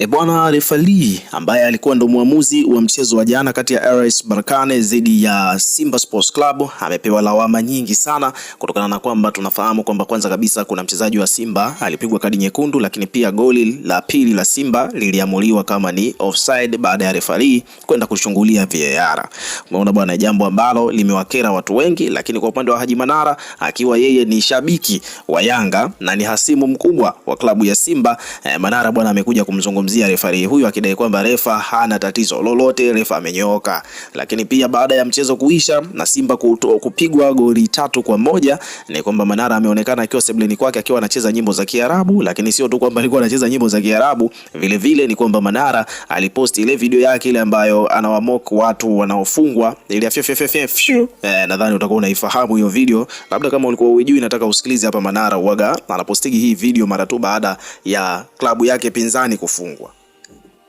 E bwana, refali ambaye alikuwa ndo mwamuzi wa mchezo wa jana kati ya RS Berkane dhidi ya Simba Sports Club amepewa lawama nyingi sana, kutokana na kwamba tunafahamu kwamba kwanza kabisa kuna mchezaji wa Simba alipigwa kadi nyekundu, lakini pia goli la pili la Simba liliamuliwa kama ni offside baada ya refali kwenda kushungulia VAR. Umeona bwana, jambo ambalo limewakera watu wengi, lakini kwa upande wa Haji Manara akiwa yeye ni shabiki wa Yanga na ni hasimu mkubwa wa klabu ya Simba, eh, Manara bwana amekuja kumzungumza akimzungumzia refari huyu akidai kwamba refa hana tatizo lolote, refa amenyooka. Lakini pia baada ya mchezo kuisha na Simba kuto, kupigwa goli tatu kwa moja ni kwamba Manara ameonekana akiwa sebleni kwake akiwa anacheza nyimbo za Kiarabu, lakini sio tu kwamba alikuwa anacheza nyimbo za Kiarabu, vile vile ni kwamba Manara aliposti ile video yake ile ambayo anawamok watu wanaofungwa ile afyefyefyefyu. Eh, nadhani utakuwa unaifahamu hiyo video, labda kama ulikuwa hujui, nataka usikilize hapa. Manara uaga anapostigi hii video mara tu baada ya klabu yake pinzani kufungwa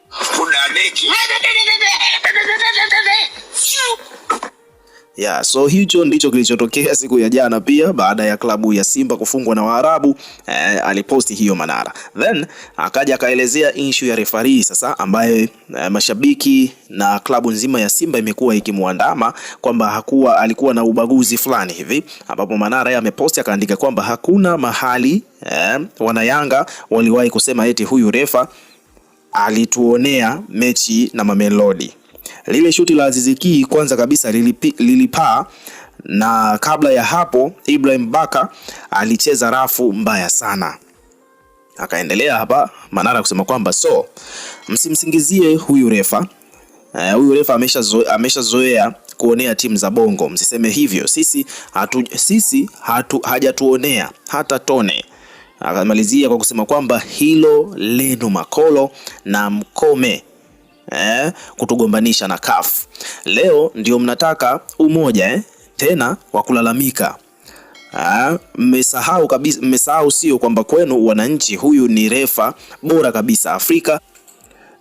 kuna Yeah, so hicho ndicho kilichotokea siku ya jana pia baada ya klabu ya Simba kufungwa na Waarabu eh, aliposti hiyo Manara, then akaja akaelezea inshu ya refarii sasa, ambaye eh, mashabiki na klabu nzima ya Simba imekuwa ikimwandama kwamba hakuwa alikuwa na ubaguzi fulani hivi, ambapo Manara ameposti akaandika kwamba hakuna mahali eh, wanayanga waliwahi kusema eti huyu refa alituonea mechi na Mamelodi. Lile shuti la Aziziki kwanza kabisa lilipi, lilipaa na kabla ya hapo Ibrahim Baka alicheza rafu mbaya sana. Akaendelea hapa Manara kusema kwamba so msimsingizie huyu refa uh, huyu refa ameshazoea ameshazoea kuonea timu za Bongo, msiseme hivyo. Sisi hatu, sisi hatu, hajatuonea hata tone akamalizia kwa kusema kwamba hilo lenu makolo na mkome eh, kutugombanisha na CAF. Leo ndio mnataka umoja eh, tena wa kulalamika. Ah, mmesahau kabisa, mmesahau sio kwamba kwenu wananchi, huyu ni refa bora kabisa Afrika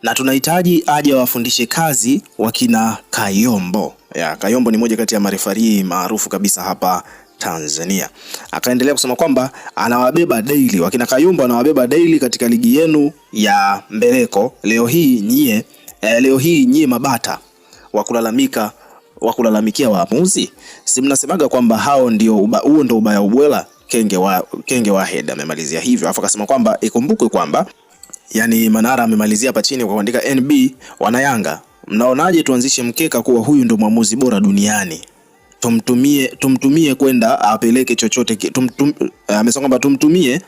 na tunahitaji aje wafundishe kazi wakina Kayombo. Ya, Kayombo ni moja kati ya marefarii maarufu kabisa hapa Tanzania. Akaendelea kusema kwamba anawabeba daily wakina Kayumba, anawabeba daily katika ligi yenu ya mbeleko. Leo hii nyie, eh, leo hii nyie mabata wa wakulalamikia waamuzi, si mnasemaga kwamba hao ndio huo ndio ubaya ubwela? Kenge wa Kenge wa Head amemalizia hivyo, afu akasema kwamba ikumbukwe kwamba yani Manara amemalizia hapa chini kwa kuandika NB, wanayanga, mnaonaje tuanzishe mkeka kuwa huyu ndio mwamuzi bora duniani? tumtumie tumtumie kwenda apeleke chochote tumtum, amesema kwamba tumtumie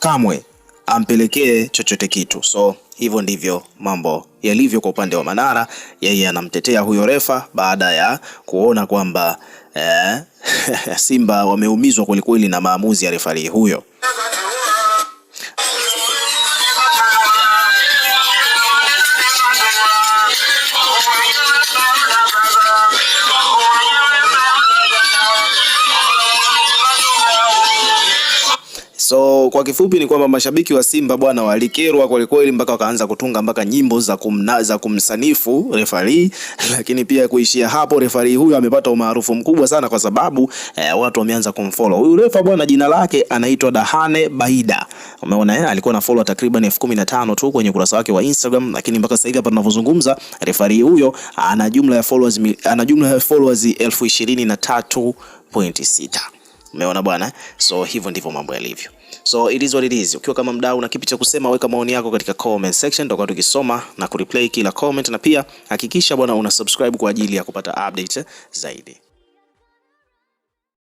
kamwe ampelekee chochote kitu. So hivyo ndivyo mambo yalivyo kwa upande wa Manara. Yeye anamtetea huyo refa baada ya kuona kwamba eh, Simba wameumizwa kwelikweli na maamuzi ya refari huyo. So kwa kifupi ni kwamba mashabiki wa Simba bwana walikerwa kwelikweli, mpaka wakaanza kutunga mpaka nyimbo za, kumna, za kumsanifu refari. Lakini pia kuishia hapo, refari huyu amepata umaarufu mkubwa sana kwa sababu eh, watu wameanza kumfollow huyu refa bwana. Jina lake anaitwa Dahane Baida, umeona eh, alikuwa na follow takriban elfu kumi na tano tu kwenye ukurasa wake wa Instagram, lakini mpaka sasa hivi hapa tunavyozungumza, refari huyo ana jumla ya followers ana jumla ya followers elfu ishirini na tatu pointi sita. Umeona bwana, so hivyo ndivyo mambo yalivyo. So it is what it is. Ukiwa kama mdau na kipi cha kusema, weka maoni yako katika comment section, tutakuwa tukisoma na kureplay kila comment, na pia hakikisha bwana una subscribe kwa ajili ya kupata update zaidi.